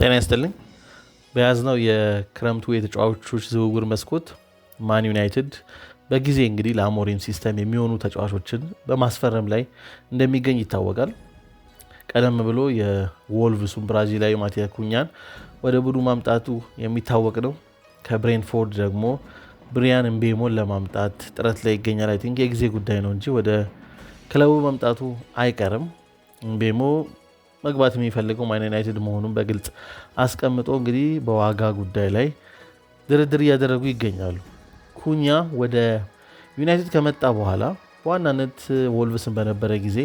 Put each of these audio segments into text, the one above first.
ጤና ይስጥልኝ። በያዝነው የክረምቱ የተጫዋቾች ዝውውር መስኮት ማን ዩናይትድ በጊዜ እንግዲህ ለአሞሪም ሲስተም የሚሆኑ ተጫዋቾችን በማስፈረም ላይ እንደሚገኝ ይታወቃል። ቀደም ብሎ የዎልቭሱን ብራዚላዊ ማቲያ ኩኛን ወደ ቡዱ ማምጣቱ የሚታወቅ ነው። ከብሬንፎርድ ደግሞ ብሪያን ምቤሞን ለማምጣት ጥረት ላይ ይገኛል። አይ ቲንክ የጊዜ ጉዳይ ነው እንጂ ወደ ክለቡ መምጣቱ አይቀርም። ምቤሞ መግባት የሚፈልገው ማን ዩናይትድ መሆኑን በግልጽ አስቀምጦ እንግዲህ በዋጋ ጉዳይ ላይ ድርድር እያደረጉ ይገኛሉ። ኩኛ ወደ ዩናይትድ ከመጣ በኋላ በዋናነት ወልቭስን በነበረ ጊዜ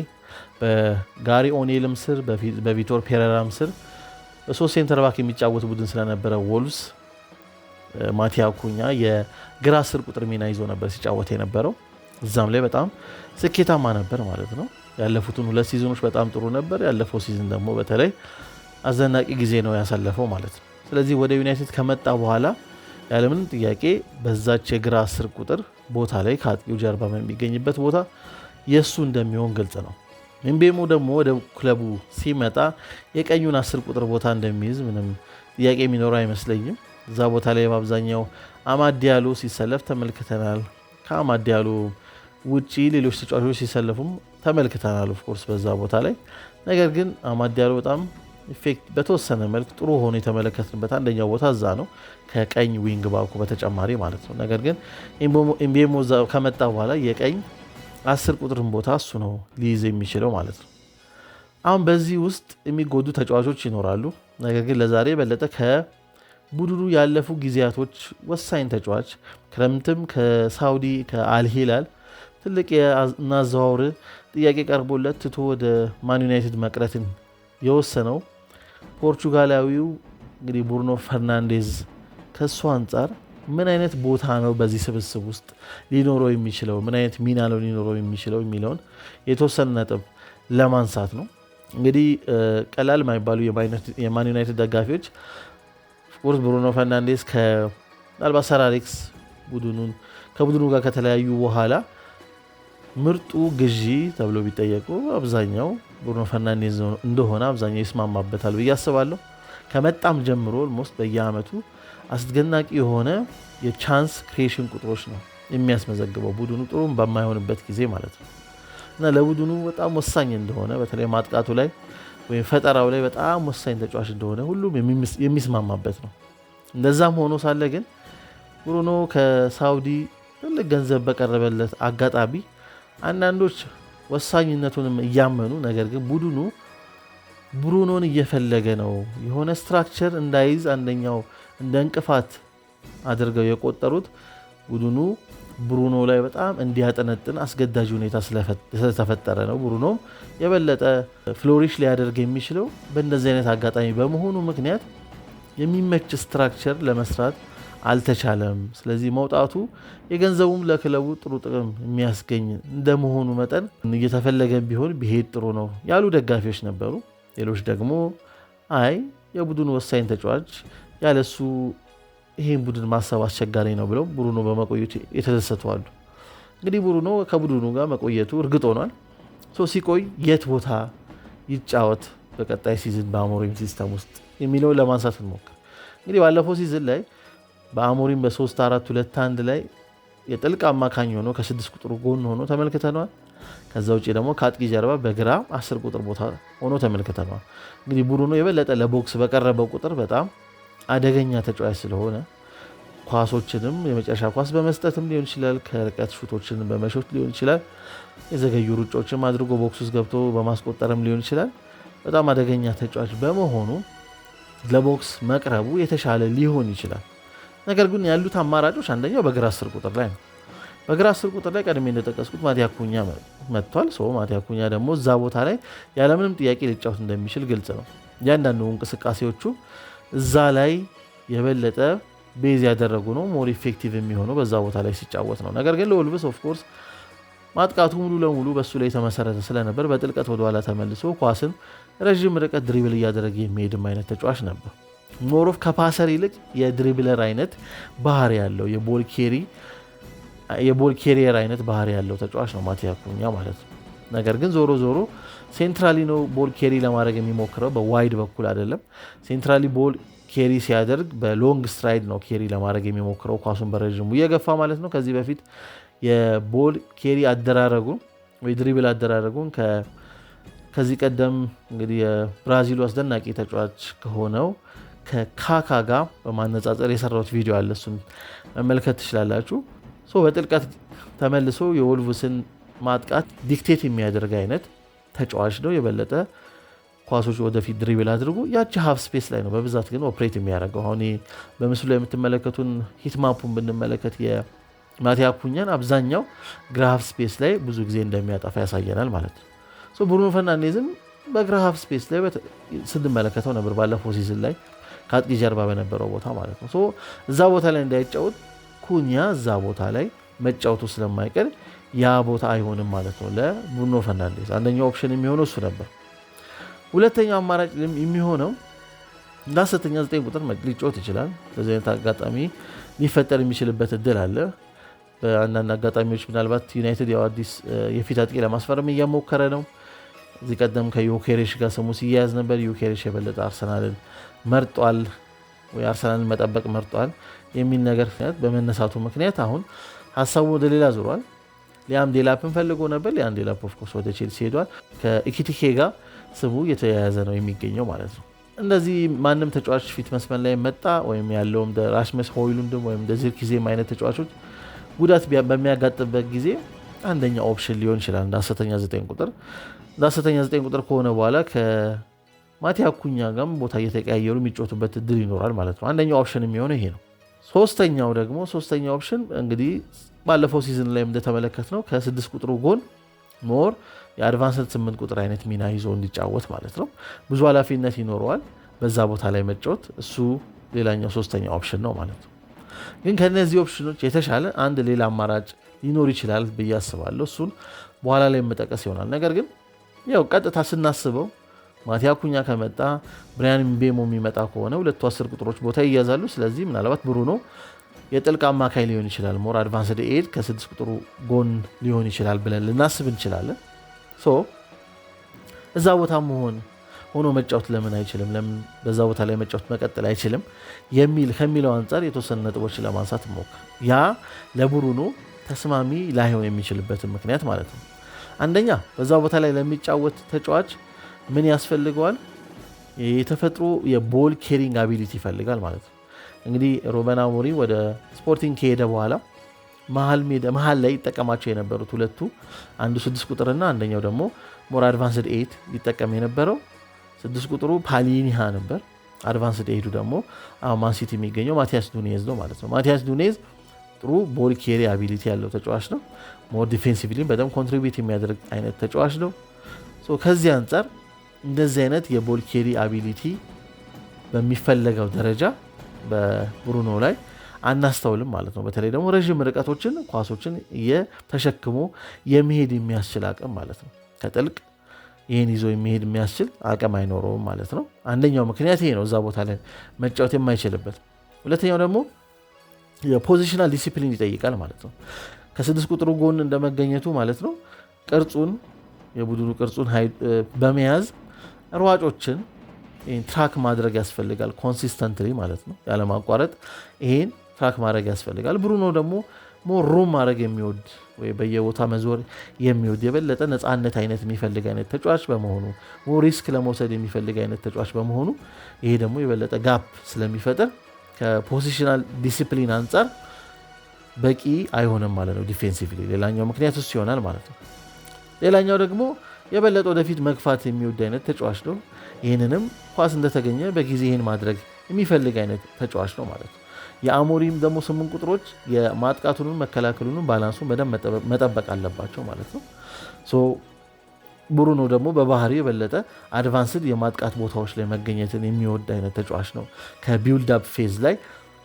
በጋሪ ኦኔልም ስር በቪቶር ፔረራም ስር በሶስት ሴንተር ባክ የሚጫወት ቡድን ስለነበረ ወልቭስ ማቲያ ኩኛ የግራ ስር ቁጥር ሚና ይዞ ነበር ሲጫወት የነበረው። እዛም ላይ በጣም ስኬታማ ነበር ማለት ነው። ያለፉትን ሁለት ሲዝኖች በጣም ጥሩ ነበር። ያለፈው ሲዝን ደግሞ በተለይ አዘናቂ ጊዜ ነው ያሳለፈው ማለት ነው። ስለዚህ ወደ ዩናይትድ ከመጣ በኋላ ያለምንም ጥያቄ በዛች የግራ አስር ቁጥር ቦታ ላይ ከአጥቂው ጀርባ በሚገኝበት ቦታ የእሱ እንደሚሆን ግልጽ ነው። ምቤሞ ደግሞ ወደ ክለቡ ሲመጣ የቀኙን አስር ቁጥር ቦታ እንደሚይዝ ምንም ጥያቄ የሚኖረው አይመስለኝም። እዛ ቦታ ላይ በአብዛኛው አማድ ሲሰለፍ ተመልክተናል። ከአማድ ውጪ ሌሎች ተጫዋቾች ሲሰለፉም ተመልክተናል ኦፍኮርስ በዛ ቦታ ላይ ነገር ግን አማድ ያለው በጣም ኢፌክት በተወሰነ መልክ ጥሩ ሆኖ የተመለከትንበት አንደኛው ቦታ እዛ ነው፣ ከቀኝ ዊንግ ባኩ በተጨማሪ ማለት ነው። ነገር ግን ኢምቤሞ ከመጣ በኋላ የቀኝ አስር ቁጥርን ቦታ እሱ ነው ሊይዝ የሚችለው ማለት ነው። አሁን በዚህ ውስጥ የሚጎዱ ተጫዋቾች ይኖራሉ። ነገር ግን ለዛሬ የበለጠ ከቡድኑ ያለፉ ጊዜያቶች ወሳኝ ተጫዋች ክረምትም ከሳውዲ ከአልሂላል ትልቅ የናዘዋውር ጥያቄ ቀርቦለት ትቶ ወደ ማን ዩናይትድ መቅረትን የወሰነው ፖርቹጋላዊው እንግዲህ ቡርኖ ፈርናንዴዝ ከእሱ አንጻር ምን አይነት ቦታ ነው በዚህ ስብስብ ውስጥ ሊኖረው የሚችለው ምን አይነት ሚና ነው ሊኖረው የሚችለው የሚለውን የተወሰነ ነጥብ ለማንሳት ነው። እንግዲህ ቀላል የማይባሉ የማን ዩናይትድ ደጋፊዎች ቁርስ ብሩኖ ፈርናንዴዝ ምናልባት ሰራሬክስ ቡድኑን ከቡድኑ ጋር ከተለያዩ በኋላ ምርጡ ግዢ ተብሎ ቢጠየቁ አብዛኛው ብሩኖ ፈርናንዴዝ እንደሆነ አብዛኛው ይስማማበታል ብዬ አስባለሁ። ከመጣም ጀምሮ ኦልሞስት በየአመቱ አስደናቂ የሆነ የቻንስ ክሬሽን ቁጥሮች ነው የሚያስመዘግበው ቡድኑ ጥሩ በማይሆንበት ጊዜ ማለት ነው እና ለቡድኑ በጣም ወሳኝ እንደሆነ በተለይ ማጥቃቱ ላይ ወይም ፈጠራው ላይ በጣም ወሳኝ ተጫዋች እንደሆነ ሁሉም የሚስማማበት ነው። እንደዛም ሆኖ ሳለ ግን ብሩኖ ከሳውዲ ትልቅ ገንዘብ በቀረበለት አጋጣሚ አንዳንዶች ወሳኝነቱንም እያመኑ ነገር ግን ቡድኑ ብሩኖን እየፈለገ ነው፣ የሆነ ስትራክቸር እንዳይዝ አንደኛው እንደ እንቅፋት አድርገው የቆጠሩት ቡድኑ ብሩኖ ላይ በጣም እንዲያጠነጥን አስገዳጅ ሁኔታ ስለተፈጠረ ነው። ብሩኖም የበለጠ ፍሎሪሽ ሊያደርግ የሚችለው በእንደዚህ አይነት አጋጣሚ በመሆኑ ምክንያት የሚመች ስትራክቸር ለመስራት አልተቻለም። ስለዚህ መውጣቱ የገንዘቡም ለክለቡ ጥሩ ጥቅም የሚያስገኝ እንደመሆኑ መጠን እየተፈለገ ቢሆን ቢሄድ ጥሩ ነው ያሉ ደጋፊዎች ነበሩ። ሌሎች ደግሞ አይ የቡድኑ ወሳኝ ተጫዋች ያለሱ ይህን ቡድን ማሰብ አስቸጋሪ ነው ብለው ቡሩኖ በመቆየቱ የተደሰቱ አሉ። እንግዲህ ቡሩኖ ከቡድኑ ጋር መቆየቱ እርግጥ ሆኗል። ሲቆይ የት ቦታ ይጫወት በቀጣይ ሲዝን በአሞሪም ሲስተም ውስጥ የሚለውን ለማንሳት እንሞክር። እንግዲህ ባለፈው ሲዝን ላይ በአሞሪም በሶስት አራት ሁለት አንድ ላይ የጥልቅ አማካኝ ሆኖ ከስድስት ቁጥር ጎን ሆኖ ተመልክተነዋል። ከዛ ውጭ ደግሞ ከአጥቂ ጀርባ በግራ አስር ቁጥር ቦታ ሆኖ ተመልክተነዋል። እንግዲህ ቡድኑ የበለጠ ለቦክስ በቀረበው ቁጥር በጣም አደገኛ ተጫዋች ስለሆነ ኳሶችንም የመጨረሻ ኳስ በመስጠትም ሊሆን ይችላል፣ ከርቀት ሹቶችን በመሾት ሊሆን ይችላል፣ የዘገዩ ሩጮችም አድርጎ ቦክስ ውስጥ ገብቶ በማስቆጠርም ሊሆን ይችላል። በጣም አደገኛ ተጫዋች በመሆኑ ለቦክስ መቅረቡ የተሻለ ሊሆን ይችላል። ነገር ግን ያሉት አማራጮች አንደኛው በግራ አስር ቁጥር ላይ ነው። በግራ አስር ቁጥር ላይ ቀድሜ እንደጠቀስኩት ማቲያ ኩኛ መጥቷል። ሰው ማቲያ ኩኛ ደግሞ እዛ ቦታ ላይ ያለምንም ጥያቄ ሊጫወት እንደሚችል ግልጽ ነው። እያንዳንዱ እንቅስቃሴዎቹ እዛ ላይ የበለጠ ቤዝ ያደረጉ ነው። ሞር ኢፌክቲቭ የሚሆነው በዛ ቦታ ላይ ሲጫወት ነው። ነገር ግን ለወልቭስ ኦፍኮርስ ማጥቃቱ ሙሉ ለሙሉ በእሱ ላይ የተመሰረተ ስለነበር በጥልቀት ወደኋላ ተመልሶ ኳስን ረዥም ርቀት ድሪብል እያደረገ የሚሄድም አይነት ተጫዋች ነበር። ሞሮፍ ከፓሰር ይልቅ የድሪብለር አይነት ባህር ያለው የቦል ኬሪየር አይነት ባህር ያለው ተጫዋች ነው ማቲያ ኩኛ ማለት ነው። ነገር ግን ዞሮ ዞሮ ሴንትራሊ ነው ቦል ኬሪ ለማድረግ የሚሞክረው በዋይድ በኩል አይደለም። ሴንትራሊ ቦል ኬሪ ሲያደርግ በሎንግ ስትራይድ ነው ኬሪ ለማድረግ የሚሞክረው ኳሱን በረዥሙ እየገፋ ማለት ነው። ከዚህ በፊት የቦል ኬሪ አደራረጉን ወይ ድሪብል አደራረጉን ከዚህ ቀደም እንግዲህ የብራዚሉ አስደናቂ ተጫዋች ከሆነው ከካካ ጋር በማነጻጸር የሰራሁት ቪዲዮ አለ። እሱን መመልከት ትችላላችሁ። በጥልቀት ተመልሶ የወልቭስን ማጥቃት ዲክቴት የሚያደርግ አይነት ተጫዋች ነው። የበለጠ ኳሶች ወደፊት ድሪብል አድርጉ። ያቺ ሀፍ ስፔስ ላይ ነው በብዛት ግን ኦፕሬት የሚያደርገው። አሁን በምስሉ ላይ የምትመለከቱን ሂትማፑን ብንመለከት የማቲያ ኩኛን አብዛኛው ግራ ሀፍ ስፔስ ላይ ብዙ ጊዜ እንደሚያጠፋ ያሳየናል ማለት ነው። ብሩኖ ፈርናንዴዝም በግራ ሀፍ ስፔስ ላይ ስንመለከተው ነበር ባለፈው ሲዝን ላይ ከአጥቂ ጀርባ በነበረው ቦታ ማለት ነው። እዛ ቦታ ላይ እንዳይጫወት ኩኒያ እዛ ቦታ ላይ መጫወቱ ስለማይቀር ያ ቦታ አይሆንም ማለት ነው ለቡኖ ፈርናንዴዝ። አንደኛው ኦፕሽን የሚሆነው እሱ ነበር። ሁለተኛው አማራጭ የሚሆነው ሐሰተኛ ዘጠኝ ቁጥር ሊጫወት ይችላል። በዚህ አይነት አጋጣሚ ሊፈጠር የሚችልበት እድል አለ። በአንዳንድ አጋጣሚዎች ምናልባት ዩናይትድ ያው አዲስ የፊት አጥቂ ለማስፈረም እያሞከረ ነው። እዚህ ቀደም ከዩኬሬሽ ጋር ስሙ ሲያያዝ ነበር። ዩኬሬሽ የበለጠ አርሰናልን መርጧል ወይ አርሰናልን መጠበቅ መርጧል የሚል ነገር ምክንያት በመነሳቱ ምክንያት አሁን ሀሳቡ ወደ ሌላ ዙሯል። ሊያም ዴላፕን ፈልጎ ነበር። ሊያም ዴላፕ ኦፍኮርስ ወደ ቼልሲ ሄዷል። ከኢኪቲኬ ጋር ስሙ እየተያያዘ ነው የሚገኘው ማለት ነው። እንደዚህ ማንም ተጫዋች ፊት መስመር ላይ መጣ ወይም ያለውም ራስመስ ሆይሉንድም ወይም እንደ ዚርክዜም አይነት ተጫዋቾች ጉዳት በሚያጋጥበት ጊዜ አንደኛ ኦፕሽን ሊሆን ይችላል እንደ ሐሰተኛ ዘጠኝ ቁጥር እንደ ሐሰተኛ ዘጠኝ ቁጥር ከሆነ በኋላ ማቴ አኩኛ ጋም ቦታ እየተቀያየሩ የሚጮቱበት እድል ይኖራል ማለት ነው። አንደኛው ኦፕሽን የሚሆነው ይሄ ነው። ሶስተኛው ደግሞ ሶስተኛው ኦፕሽን እንግዲህ ባለፈው ሲዝን ላይ እንደተመለከት ነው ከስድስት ቁጥሩ ጎን ሞር የአድቫንስድ ስምንት ቁጥር አይነት ሚና ይዞ እንዲጫወት ማለት ነው። ብዙ ኃላፊነት ይኖረዋል በዛ ቦታ ላይ መጫወት። እሱ ሌላኛው ሶስተኛ ኦፕሽን ነው ማለት ነው። ግን ከእነዚህ ኦፕሽኖች የተሻለ አንድ ሌላ አማራጭ ሊኖር ይችላል ብዬ አስባለሁ። እሱን በኋላ ላይ መጠቀስ ይሆናል። ነገር ግን ያው ቀጥታ ስናስበው ማቲያ ኩኛ ከመጣ ብሪያን ምቤሞ የሚመጣ ከሆነ ሁለቱ አስር ቁጥሮች ቦታ ይያዛሉ። ስለዚህ ምናልባት ብሩኖ የጥልቅ አማካይ ሊሆን ይችላል። ሞር አድቫንስድ ኤድ ከስድስት ቁጥሩ ጎን ሊሆን ይችላል ብለን ልናስብ እንችላለን። ሶ እዛ ቦታ መሆን ሆኖ መጫወት ለምን አይችልም? ለምን በዛ ቦታ ላይ መጫወት መቀጠል አይችልም? የሚል ከሚለው አንጻር የተወሰኑ ነጥቦችን ለማንሳት ሞክር። ያ ለብሩኖ ተስማሚ ላይሆን የሚችልበትን ምክንያት ማለት ነው። አንደኛ በዛ ቦታ ላይ ለሚጫወት ተጫዋች ምን ያስፈልገዋል? የተፈጥሮ የቦል ኬሪንግ አቢሊቲ ይፈልጋል ማለት ነው። እንግዲህ ሩበን አሞሪም ወደ ስፖርቲንግ ከሄደ በኋላ መሀል ላይ ይጠቀማቸው የነበሩት ሁለቱ አንዱ ስድስት ቁጥርና አንደኛው ደግሞ ሞር አድቫንስድ ኤት ይጠቀም የነበረው ስድስት ቁጥሩ ፓሊኒሃ ነበር። አድቫንስድ ኤዱ ደግሞ ማንሲቲ የሚገኘው ማቲያስ ዱኔዝ ነው ማለት ነው። ማቲያስ ዱኔዝ ጥሩ ቦል ኬሪ አቢሊቲ ያለው ተጫዋች ነው። ሞር ዲፌንሲቭሊ በጣም ኮንትሪቢዩት የሚያደርግ አይነት ተጫዋች ነው። ከዚህ አንጻር እንደዚህ አይነት የቦልኬሪ አቢሊቲ በሚፈለገው ደረጃ በብሩኖ ላይ አናስተውልም ማለት ነው። በተለይ ደግሞ ረዥም ርቀቶችን ኳሶችን የተሸክሞ የመሄድ የሚያስችል አቅም ማለት ነው። ከጥልቅ ይህን ይዞ የሚሄድ የሚያስችል አቅም አይኖረውም ማለት ነው። አንደኛው ምክንያት ይሄ ነው፣ እዛ ቦታ ላይ መጫወት የማይችልበት። ሁለተኛው ደግሞ የፖዚሽናል ዲሲፕሊን ይጠይቃል ማለት ነው። ከስድስት ቁጥሩ ጎን እንደመገኘቱ ማለት ነው ቅርጹን የቡድኑ ቅርጹን በመያዝ ሯጮችን ትራክ ማድረግ ያስፈልጋል። ኮንሲስተንትሊ ማለት ነው፣ ያለማቋረጥ ይሄን ትራክ ማድረግ ያስፈልጋል። ብሩኖ ደግሞ ሞር ሩም ማድረግ የሚወድ ወይ በየቦታ መዞር የሚወድ የበለጠ ነፃነት አይነት የሚፈልግ አይነት ተጫዋች በመሆኑ ሪስክ ለመውሰድ የሚፈልግ አይነት ተጫዋች በመሆኑ ይሄ ደግሞ የበለጠ ጋፕ ስለሚፈጥር ከፖዚሽናል ዲሲፕሊን አንጻር በቂ አይሆንም ማለት ነው ዲፌንሲቭ ሌላኛው ምክንያት ውስጥ ይሆናል ማለት ነው። ሌላኛው ደግሞ የበለጠ ወደፊት መግፋት የሚወድ አይነት ተጫዋች ነው። ይህንንም ኳስ እንደተገኘ በጊዜ ይህን ማድረግ የሚፈልግ አይነት ተጫዋች ነው ማለት ነው። የአሞሪም ደግሞ ስምንት ቁጥሮች የማጥቃቱንም መከላከሉንም ባላንሱን በደንብ መጠበቅ አለባቸው ማለት ነው። ብሩኖ ደግሞ በባህሪ የበለጠ አድቫንስድ የማጥቃት ቦታዎች ላይ መገኘትን የሚወድ አይነት ተጫዋች ነው። ከቢውልድ አፕ ፌዝ ላይ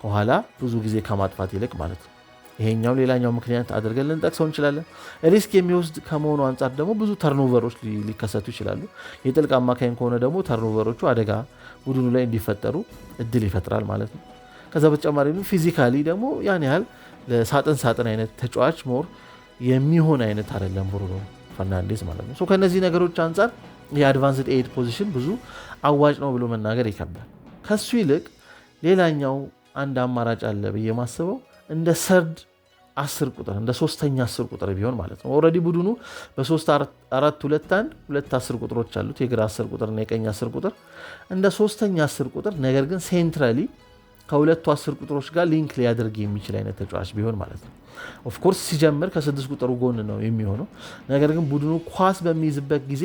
ከኋላ ብዙ ጊዜ ከማጥፋት ይልቅ ማለት ነው። ይሄኛው ሌላኛው ምክንያት አድርገን ልንጠቅሰው እንችላለን። ሪስክ የሚወስድ ከመሆኑ አንጻር ደግሞ ብዙ ተርኖቨሮች ሊከሰቱ ይችላሉ። የጥልቅ አማካኝ ከሆነ ደግሞ ተርኖቨሮቹ አደጋ ቡድኑ ላይ እንዲፈጠሩ እድል ይፈጥራል ማለት ነው። ከዛ በተጨማሪ ፊዚካሊ ደግሞ ያን ያህል ለሳጥን ሳጥን አይነት ተጫዋች ሞር የሚሆን አይነት አይደለም ብሩኖ ፈርናንዴዝ ማለት ነው። ከእነዚህ ነገሮች አንጻር የአድቫንስድ ኤድ ፖዚሽን ብዙ አዋጭ ነው ብሎ መናገር ይከብዳል። ከሱ ይልቅ ሌላኛው አንድ አማራጭ አለ ብዬ ማስበው እንደ ሰርድ አስር ቁጥር እንደ ሶስተኛ አስር ቁጥር ቢሆን ማለት ነው። ኦልሬዲ ቡድኑ በሶስት አራት ሁለት አንድ ሁለት አስር ቁጥሮች አሉት የግራ አስር ቁጥርና የቀኝ አስር ቁጥር እንደ ሶስተኛ አስር ቁጥር ነገር ግን ሴንትራሊ ከሁለቱ አስር ቁጥሮች ጋር ሊንክ ሊያደርግ የሚችል አይነት ተጫዋች ቢሆን ማለት ነው። ኦፍኮርስ ሲጀምር ከስድስት ቁጥሩ ጎን ነው የሚሆነው። ነገር ግን ቡድኑ ኳስ በሚይዝበት ጊዜ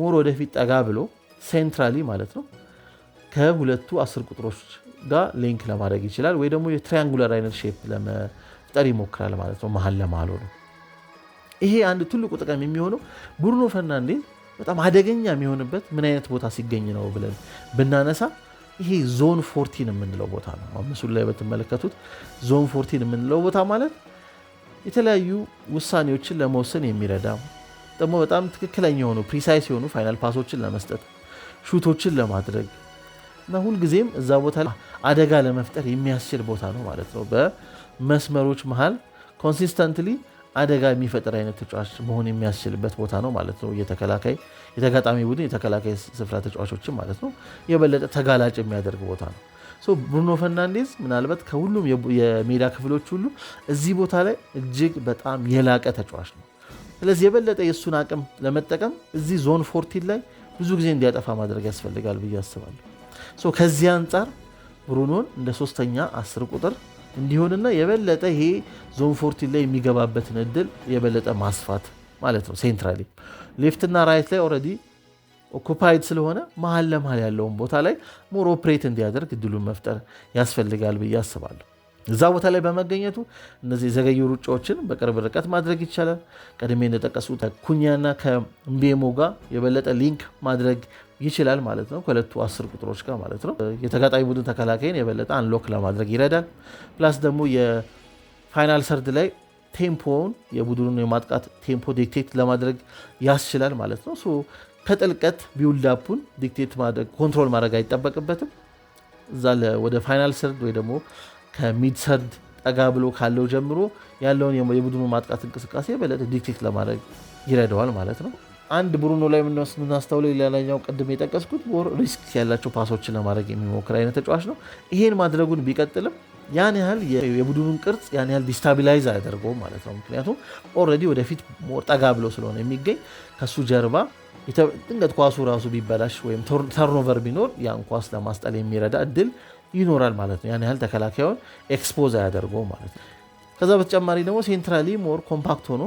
ሞር ወደፊት ጠጋ ብሎ ሴንትራሊ ማለት ነው ከሁለቱ አስር ቁጥሮች ጋር ሊንክ ለማድረግ ይችላል ወይ ደግሞ የትሪያንጉለር አይነት ሼፕ ለመፍጠር ይሞክራል ማለት ነው። መሀል ለመሀል ሆኖ ይሄ አንድ ትልቁ ጥቅም የሚሆነው ብሩኖ ፈርናንዴዝ በጣም አደገኛ የሚሆንበት ምን አይነት ቦታ ሲገኝ ነው ብለን ብናነሳ ይሄ ዞን ፎርቲን የምንለው ቦታ ነው። ምስሉ ላይ በትመለከቱት ዞን ፎርቲን የምንለው ቦታ ማለት የተለያዩ ውሳኔዎችን ለመወሰን የሚረዳ ደግሞ በጣም ትክክለኛ የሆኑ ፕሪሳይስ የሆኑ ፋይናል ፓሶችን ለመስጠት ሹቶችን ለማድረግ እና ሁልጊዜም እዛ ቦታ አደጋ ለመፍጠር የሚያስችል ቦታ ነው ማለት ነው። በመስመሮች መሃል ኮንሲስተንትሊ አደጋ የሚፈጥር አይነት ተጫዋች መሆን የሚያስችልበት ቦታ ነው ማለት ነው። የተከላካይ የተጋጣሚ ቡድን የተከላካይ ስፍራ ተጫዋቾችን ማለት ነው የበለጠ ተጋላጭ የሚያደርግ ቦታ ነው። ብሩኖ ፈርናንዴዝ ምናልባት ከሁሉም የሜዳ ክፍሎች ሁሉ እዚህ ቦታ ላይ እጅግ በጣም የላቀ ተጫዋች ነው። ስለዚህ የበለጠ የእሱን አቅም ለመጠቀም እዚህ ዞን ፎርቲን ላይ ብዙ ጊዜ እንዲያጠፋ ማድረግ ያስፈልጋል ብዬ አስባለሁ። ከዚህ አንጻር ብሩኖን እንደ ሶስተኛ አስር ቁጥር እንዲሆንና የበለጠ ይሄ ዞን ፎርቲ ላይ የሚገባበትን እድል የበለጠ ማስፋት ማለት ነው። ሴንትራሊ ሌፍትና ራይት ላይ ኦልሬዲ ኦኩፓይድ ስለሆነ መሀል ለመሀል ያለውን ቦታ ላይ ሞር ኦፕሬት እንዲያደርግ እድሉን መፍጠር ያስፈልጋል ብዬ አስባለሁ። እዛ ቦታ ላይ በመገኘቱ እነዚህ የዘገዩ ሩጫዎችን በቅርብ ርቀት ማድረግ ይቻላል። ቀድሜ እንደጠቀሱት ከኩኛና ከምቤሞ ጋር የበለጠ ሊንክ ማድረግ ይችላል ማለት ነው። ከሁለቱ አስር ቁጥሮች ጋር ማለት ነው። የተጋጣሚ ቡድን ተከላካይን የበለጠ አንሎክ ለማድረግ ይረዳል። ፕላስ ደግሞ የፋይናል ሰርድ ላይ ቴምፖውን የቡድኑን የማጥቃት ቴምፖ ዲክቴት ለማድረግ ያስችላል ማለት ነው። ከጥልቀት ቢውልዳፑን ዲክቴት ማድረግ ኮንትሮል ማድረግ አይጠበቅበትም። እዛ ወደ ፋይናል ሰርድ ወይ ደግሞ ከሚድሰርድ ጠጋ ብሎ ካለው ጀምሮ ያለውን የቡድኑ ማጥቃት እንቅስቃሴ በለጥ ዲክቴት ለማድረግ ይረዳዋል ማለት ነው። አንድ ብሩኖ ላይ የምናስተውለው ሌላኛው ቅድም የጠቀስኩት ር ሪስክ ያላቸው ፓሶችን ለማድረግ የሚሞክር አይነት ተጫዋች ነው። ይሄን ማድረጉን ቢቀጥልም ያን ያህል የቡድኑን ቅርጽ ያን ያህል ዲስታቢላይዝ አያደርገውም ማለት ነው። ምክንያቱም ኦልሬዲ ወደፊት ጠጋ ብሎ ስለሆነ የሚገኝ ከሱ ጀርባ ድንገት ኳሱ ራሱ ቢበላሽ ወይም ተርኖቨር ቢኖር ያን ኳስ ለማስጠል የሚረዳ እድል ይኖራል ማለት ነው። ያን ያህል ተከላካዩን ኤክስፖዝ አያደርገው ማለት ነው። ከዛ በተጨማሪ ደግሞ ሴንትራሊ ሞር ኮምፓክት ሆኖ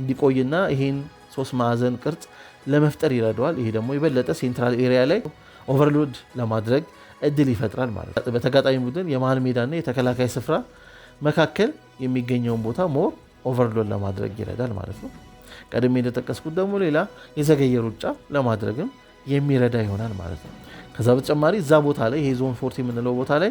እንዲቆይና ይሄን ሶስት ማዕዘን ቅርጽ ለመፍጠር ይረዳዋል። ይሄ ደግሞ የበለጠ ሴንትራል ኤሪያ ላይ ኦቨርሎድ ለማድረግ እድል ይፈጥራል ማለት ነው። በተጋጣሚ ቡድን የመሀል ሜዳና የተከላካይ ስፍራ መካከል የሚገኘውን ቦታ ሞር ኦቨርሎድ ለማድረግ ይረዳል ማለት ነው። ቀድሜ እንደጠቀስኩት ደግሞ ሌላ የዘገየ ሩጫ ለማድረግም የሚረዳ ይሆናል ማለት ነው። ከዛ በተጨማሪ እዛ ቦታ ላይ ይሄ ዞን ፎርቲ የምንለው ቦታ ላይ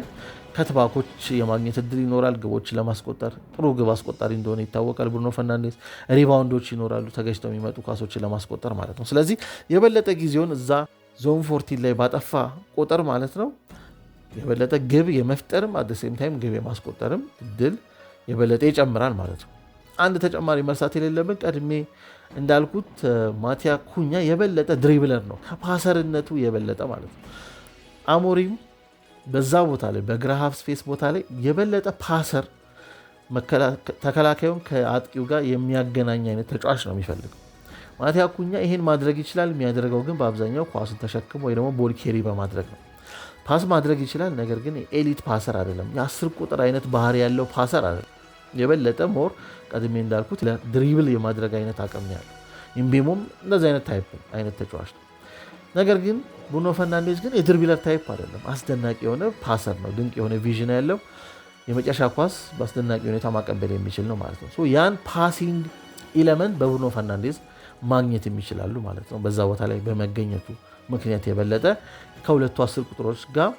ከትባኮች የማግኘት እድል ይኖራል። ግቦች ለማስቆጠር ጥሩ ግብ አስቆጣሪ እንደሆነ ይታወቃል። ብሩኖ ፈርናንዴስ ሪባውንዶች ይኖራሉ፣ ተገጭተው የሚመጡ ኳሶችን ለማስቆጠር ማለት ነው። ስለዚህ የበለጠ ጊዜውን እዛ ዞን ፎርቲ ላይ ባጠፋ ቁጥር ማለት ነው የበለጠ ግብ የመፍጠርም አደሴም ታይም ግብ የማስቆጠርም እድል የበለጠ ይጨምራል ማለት ነው። አንድ ተጨማሪ መርሳት የሌለብን ቀድሜ እንዳልኩት ማቲያ ኩኛ የበለጠ ድሪብለር ነው ከፓሰርነቱ የበለጠ ማለት ነው። አሞሪም በዛ ቦታ ላይ በግራ ሃፍ ስፔስ ቦታ ላይ የበለጠ ፓሰር ተከላካዩን ከአጥቂው ጋር የሚያገናኝ አይነት ተጫዋች ነው የሚፈልገው። ማቲያ ኩኛ ይሄን ማድረግ ይችላል። የሚያደርገው ግን በአብዛኛው ኳሱን ተሸክሞ ወይ ደግሞ ቦል ኬሪ በማድረግ ነው። ፓስ ማድረግ ይችላል፣ ነገር ግን የኤሊት ፓሰር አይደለም። የአስር ቁጥር አይነት ባህሪ ያለው ፓሰር አይደለም። የበለጠ ሞር ቀድሜ እንዳልኩት ድሪብል የማድረግ አይነት አቅም ያለው ኢምቤሞም እንደዚ አይነት ታይፕ አይነት ተጫዋች ነው። ነገር ግን ቡኖ ፈርናንዴዝ ግን የድሪብለር ታይፕ አይደለም። አስደናቂ የሆነ ፓሰር ነው። ድንቅ የሆነ ቪዥን ያለው የመጨረሻ ኳስ በአስደናቂ ሁኔታ ማቀበል የሚችል ነው ማለት ነው። ያን ፓሲንግ ኢለመንት በቡኖ ፈርናንዴዝ ማግኘት የሚችላሉ ማለት ነው። በዛ ቦታ ላይ በመገኘቱ ምክንያት የበለጠ ከሁለቱ አስር ቁጥሮች ጋር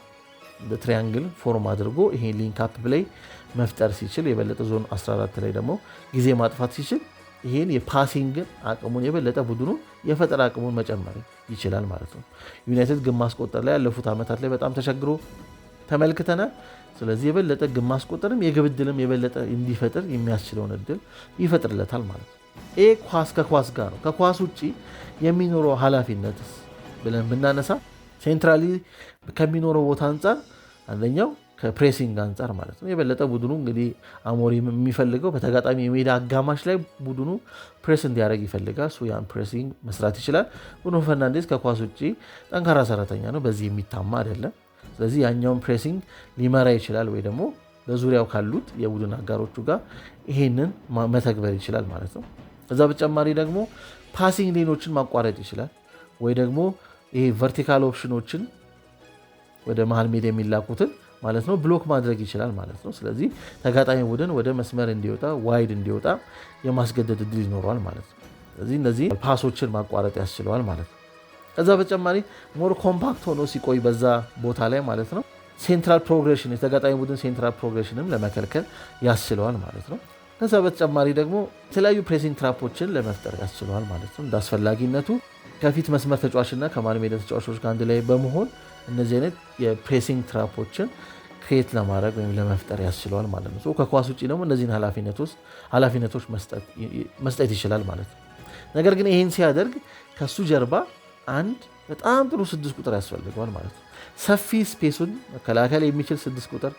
ትሪያንግል ፎርም አድርጎ ይሄ ሊንክ አፕ ፕሌይ መፍጠር ሲችል የበለጠ ዞን 14 ላይ ደግሞ ጊዜ ማጥፋት ሲችል ይሄን የፓሲንግን አቅሙን የበለጠ ቡድኑ የፈጠራ አቅሙን መጨመር ይችላል ማለት ነው። ዩናይትድ ግን ማስቆጠር ላይ ያለፉት ዓመታት ላይ በጣም ተቸግሮ ተመልክተናል። ስለዚህ የበለጠ ግን ማስቆጠርም የግብ ዕድልም የበለጠ እንዲፈጥር የሚያስችለውን እድል ይፈጥርለታል ማለት ነው። ይሄ ኳስ ከኳስ ጋር ነው። ከኳስ ውጭ የሚኖረው ኃላፊነትስ ብለን ብናነሳ ሴንትራሊ ከሚኖረው ቦታ አንጻር አንደኛው ከፕሬሲንግ አንጻር ማለት ነው። የበለጠ ቡድኑ እንግዲህ አሞሪም የሚፈልገው በተጋጣሚ የሜዳ አጋማሽ ላይ ቡድኑ ፕሬስ እንዲያደርግ ይፈልጋል። እሱ ያን ፕሬሲንግ መስራት ይችላል። ብሩኖ ፈርናንዴዝ ከኳስ ውጭ ጠንካራ ሰራተኛ ነው፣ በዚህ የሚታማ አይደለም። ስለዚህ ያኛውን ፕሬሲንግ ሊመራ ይችላል ወይ ደግሞ በዙሪያው ካሉት የቡድን አጋሮቹ ጋር ይሄንን መተግበር ይችላል ማለት ነው። ከዛ በተጨማሪ ደግሞ ፓሲንግ ሌኖችን ማቋረጥ ይችላል ወይ ደግሞ ይሄ ቨርቲካል ኦፕሽኖችን ወደ መሀል ሜዳ የሚላኩትን ማለት ነው ብሎክ ማድረግ ይችላል ማለት ነው። ስለዚህ ተጋጣሚ ቡድን ወደ መስመር እንዲወጣ ዋይድ እንዲወጣ የማስገደድ እድል ይኖረዋል ማለት ነው። ስለዚህ እነዚህ ፓሶችን ማቋረጥ ያስችለዋል ማለት ነው። ከዛ በተጨማሪ ሞር ኮምፓክት ሆኖ ሲቆይ በዛ ቦታ ላይ ማለት ነው ሴንትራል ፕሮግሬሽን የተጋጣሚ ቡድን ሴንትራል ፕሮግሬሽንም ለመከልከል ያስችለዋል ማለት ነው። ከዛ በተጨማሪ ደግሞ የተለያዩ ፕሬሲንግ ትራፖችን ለመፍጠር ያስችለዋል ማለት ነው። እንደ አስፈላጊነቱ ከፊት መስመር ተጫዋችና ከማልሜዳ ሜዳ ተጫዋቾች ጋር አንድ ላይ በመሆን እነዚህ አይነት የፕሬሲንግ ትራፖችን ክሬት ለማድረግ ወይም ለመፍጠር ያስችለዋል ማለት ነው። ከኳስ ውጭ ደግሞ እነዚህን ኃላፊነቶች መስጠት ይችላል ማለት ነው። ነገር ግን ይህን ሲያደርግ ከሱ ጀርባ አንድ በጣም ጥሩ ስድስት ቁጥር ያስፈልገዋል ማለት ነው። ሰፊ ስፔሱን መከላከል የሚችል ስድስት ቁጥር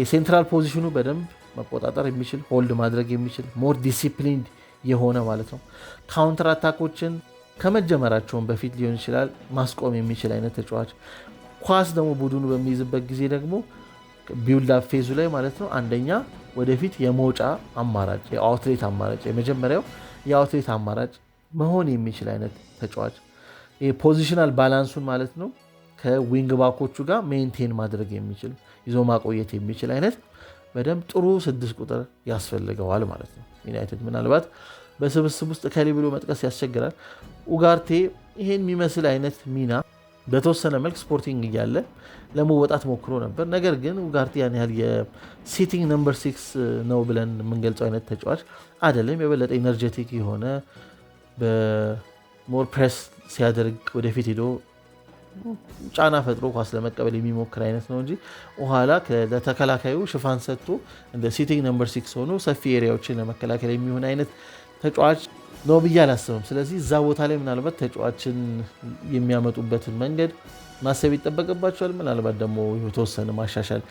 የሴንትራል ፖዚሽኑ በደንብ መቆጣጠር የሚችል ሆልድ ማድረግ የሚችል ሞር ዲሲፕሊንድ የሆነ ማለት ነው። ካውንተር አታኮችን ከመጀመራቸውን በፊት ሊሆን ይችላል ማስቆም የሚችል አይነት ተጫዋች ኳስ ደግሞ ቡድኑ በሚይዝበት ጊዜ ደግሞ ቢውልድ ፌዙ ላይ ማለት ነው። አንደኛ ወደፊት የመውጫ አማራጭ የአውትሌት አማራጭ የመጀመሪያው የአውትሌት አማራጭ መሆን የሚችል አይነት ተጫዋች ፖዚሽናል ባላንሱን ማለት ነው ከዊንግ ባኮቹ ጋር ሜንቴን ማድረግ የሚችል ይዞ ማቆየት የሚችል አይነት በደንብ ጥሩ ስድስት ቁጥር ያስፈልገዋል ማለት ነው። ዩናይትድ ምናልባት በስብስብ ውስጥ ከሌ ብሎ መጥቀስ ያስቸግራል። ኡጋርቴ ይሄን የሚመስል አይነት ሚና በተወሰነ መልክ ስፖርቲንግ እያለ ለመወጣት ሞክሮ ነበር። ነገር ግን ኡጋርቴ ያን ያህል የሲቲንግ ነምበር ሲክስ ነው ብለን የምንገልጸው አይነት ተጫዋች አይደለም። የበለጠ ኢነርጀቲክ የሆነ በሞር ፕሬስ ሲያደርግ ወደፊት ሄዶ ጫና ፈጥሮ ኳስ ለመቀበል የሚሞክር አይነት ነው እንጂ ኋላ ለተከላካዩ ሽፋን ሰጥቶ እንደ ሲቲንግ ነምበር ሲክስ ሆኖ ሰፊ ኤሪያዎችን ለመከላከል የሚሆን አይነት ተጫዋች ነው ብዬ አላስብም። ስለዚህ እዛ ቦታ ላይ ምናልባት ተጫዋችን የሚያመጡበትን መንገድ ማሰብ ይጠበቅባቸዋል። ምናልባት ደግሞ የተወሰነ ማሻሻል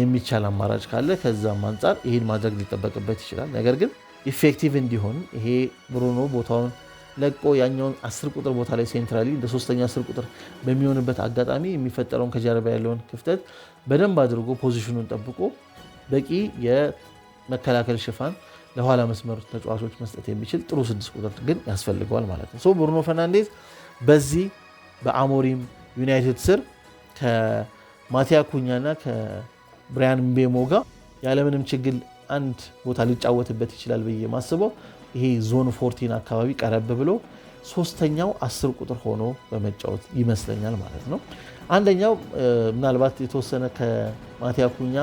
የሚቻል አማራጭ ካለ ከዛም አንጻር ይህን ማድረግ ሊጠበቅበት ይችላል። ነገር ግን ኢፌክቲቭ እንዲሆን ይሄ ብሩኖ ቦታውን ለቆ ያኛውን አስር ቁጥር ቦታ ላይ ሴንትራሊ እንደ ሶስተኛ አስር ቁጥር በሚሆንበት አጋጣሚ የሚፈጠረውን ከጀርባ ያለውን ክፍተት በደንብ አድርጎ ፖዚሽኑን ጠብቆ በቂ የመከላከል ሽፋን ለኋላ መስመር ተጫዋቾች መስጠት የሚችል ጥሩ ስድስት ቁጥር ግን ያስፈልገዋል ማለት ነው። ብሩኖ ፈርናንዴዝ በዚህ በአሞሪም ዩናይትድ ስር ከማቲያ ኩኛና ከብሪያን ምቤሞ ጋር ያለምንም ችግር አንድ ቦታ ሊጫወትበት ይችላል ብዬ ማስበው ይሄ ዞን ፎርቲን አካባቢ ቀረብ ብሎ ሶስተኛው አስር ቁጥር ሆኖ በመጫወት ይመስለኛል ማለት ነው። አንደኛው ምናልባት የተወሰነ ከማቲያ ኩኛ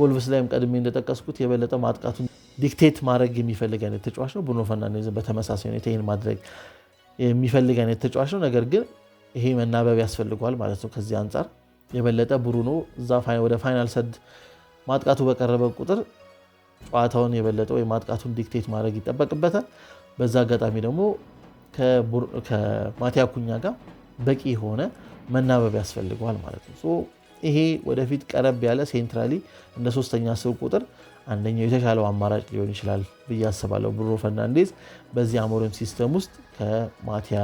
ወልቭስ ላይም ቀድሜ እንደጠቀስኩት የበለጠ ማጥቃቱን ዲክቴት ማድረግ የሚፈልግ አይነት ተጫዋች ነው። ብሩኖ ፈርናንዴዝ በተመሳሳይ ሁኔታ ይህን ማድረግ የሚፈልግ አይነት ተጫዋች ነው። ነገር ግን ይሄ መናበብ ያስፈልገዋል ማለት ነው። ከዚህ አንጻር የበለጠ ብሩኖ እዛ ወደ ፋይናል ሰድ ማጥቃቱ በቀረበ ቁጥር ጨዋታውን የበለጠ ወይ ማጥቃቱን ዲክቴት ማድረግ ይጠበቅበታል። በዛ አጋጣሚ ደግሞ ከማቲያ ኩኛ ጋር በቂ የሆነ መናበብ ያስፈልገዋል ማለት ነው። ይሄ ወደፊት ቀረብ ያለ ሴንትራሊ እንደ ሶስተኛ ስብ ቁጥር አንደኛው የተሻለው አማራጭ ሊሆን ይችላል ብዬ አስባለሁ። ብሩኖ ፈርናንዴዝ በዚህ አሞሪም ሲስተም ውስጥ ከማቲያ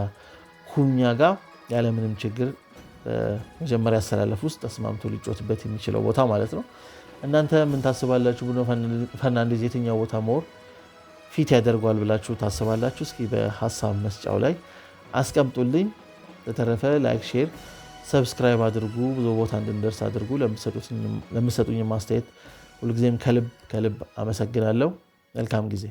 ኩኛ ጋር ያለምንም ችግር መጀመሪያ አሰላለፍ ውስጥ ተስማምቶ ሊጮትበት የሚችለው ቦታ ማለት ነው። እናንተ ምን ታስባላችሁ? ብሩኖ ፈርናንዴዝ የትኛው ቦታ መወር ፊት ያደርጓል ብላችሁ ታስባላችሁ? እስኪ በሀሳብ መስጫው ላይ አስቀምጡልኝ። በተረፈ ላይክ፣ ሼር ሰብስክራይብ አድርጉ፣ ብዙ ቦታ እንድንደርስ አድርጉ። ለምትሰጡኝ ማስተያየት ሁልጊዜም ከልብ ከልብ አመሰግናለሁ። መልካም ጊዜ